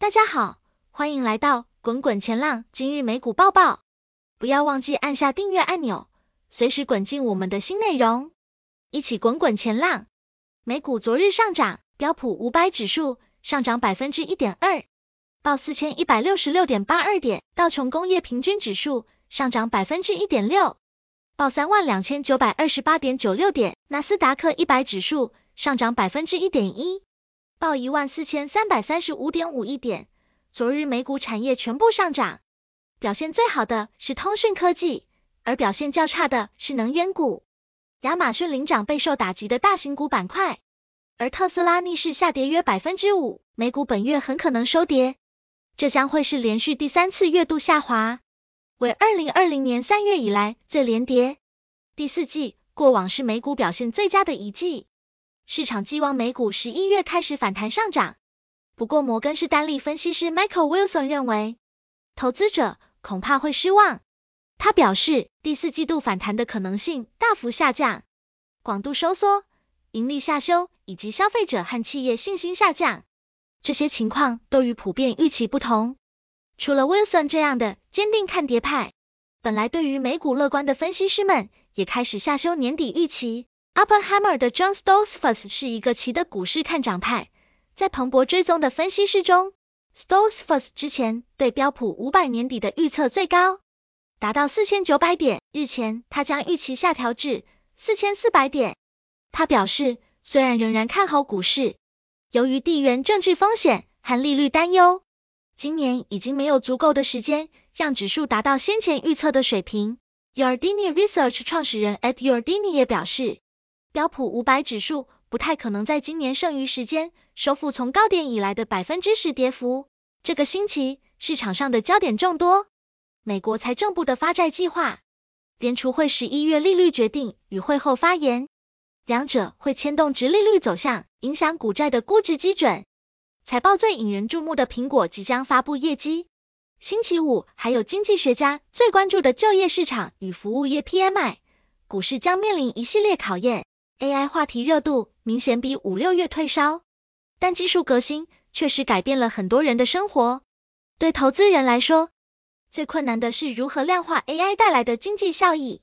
大家好，歡迎來到滾滾前浪今日美股報報。不要忘記按下訂閱按鈕，隨時滾進我們的新內容，一起滾滾前浪。美股昨日上漲，標普五百指數上漲百分之一點二，報四千一百六十六點八二點；道瓊工業平均指數上漲百分之一點六，報三萬兩千九百二十八點九六點；納斯達克一百指數上漲百分之一點一。報一萬四千三百三十五點五一點。昨日美股產業全部上漲，表現最好的是通訊科技，而表現較差的是能源股。亞馬遜領漲，備受打擊的大型股板塊，而特斯拉逆勢下跌約百分之五，美股本月很可能收跌，這將會是連續第三次月度下滑，為二零二零年三月以來最連跌。第四季過往是美股表現最佳的一季。市場寄望美股十一月開始反彈上漲，不過摩根士丹利分析師 Michael Wilson 認為，投資者恐怕會失望。他表示，第四季度反彈的可能性大幅下降，廣度收縮、盈利下修以及消費者和企業信心下降，這些情況都與普遍預期不同。除了 Wilson 這樣的堅定看跌派，本來對於美股樂觀的分析師們也開始下修年底預期。Oppenheimer 的 John Stolzfuss 是一個齊的股市看漲派，在彭博追蹤的分析師中，Stolzfuss 之前對標普五百年底的預測最高達到四千九百點。日前，他將預期下調至四千四百點。他表示，雖然仍然看好股市，由於地緣政治風險和利率擔憂，今年已經沒有足夠的時間讓指數達到先前預測的水平。Yardini Research 創始人 Ed Yardini 也表示，標普五百指數不太可能在今年剩餘時間收復從高點以來的百分之十跌幅。這個星期市場上的焦點眾多：美國財政部的發債計劃、聯儲會十一月利率決定與會後發言，兩者會牽動殖利率走向，影響股債的估值基準。財報最引人注目的蘋果即將發布業績。星期五還有經濟學家最關注的就業市場與服務業 PMI，股市將面臨一系列考驗。AI 話題熱度明顯比五六月退燒，但技術革新確實改變了很多人的生活。對投資人來說，最困難的是如何量化 AI 帶來的經濟效益。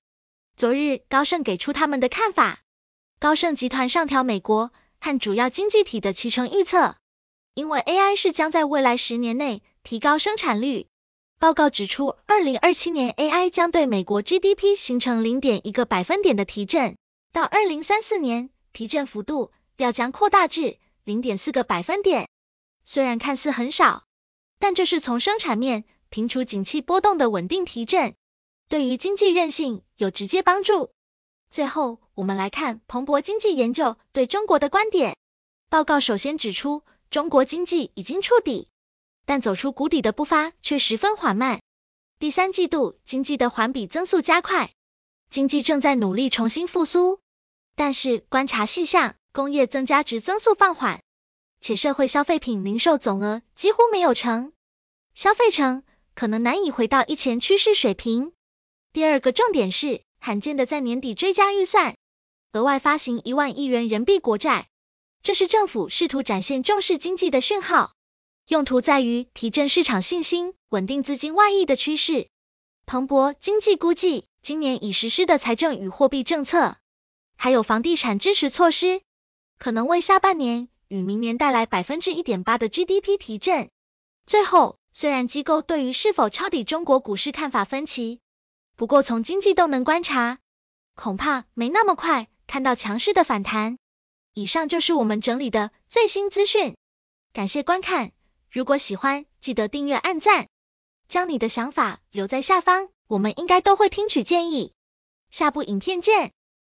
昨日，高盛給出他們的看法：高盛集團上調美國和主要經濟體的 GDP 預測，因為 AI 是將在未來十年內提高生產率。報告指出，二零二七年 AI 將對美國 GDP 形成零點一個百分點的提振。到二零三四年，提振幅度要將擴大至零點四個百分點。雖然看似很少，但這是從生產面平除景氣波動的穩定提振，對於經濟韌性有直接幫助。最後，我們來看彭博經濟研究對中國的觀點。報告首先指出，中國經濟已經觸底，但走出谷底的步伐卻十分緩慢。第三季度，經濟的環比增速加快，經濟正在努力重新復甦。但是觀察細項，工業增加值增速放緩，且社會消費品零售總額幾乎沒有成消費成，可能難以回到以前趨勢水平。第二個重點是罕見的在年底追加預算，額外發行一萬億元人民幣國債，這是政府試圖展現重視經濟的訊號，用途在於提振市場信心，穩定資金外溢的趨勢。彭博經濟估計，今年已實施的財政與貨幣政策，還有房地產支持措施，可能為下半年與明年帶來百分之一點八的 GDP 提振。最後，雖然機構對於是否抄底中國股市看法分歧，不過從經濟動能觀察，恐怕沒那麼快看到強勢的反彈。以上就是我們整理的最新資訊，感謝觀看。如果喜歡，記得訂閱、按讚，將你的想法留在下方，我們應該都會聽取建議。下部影片見。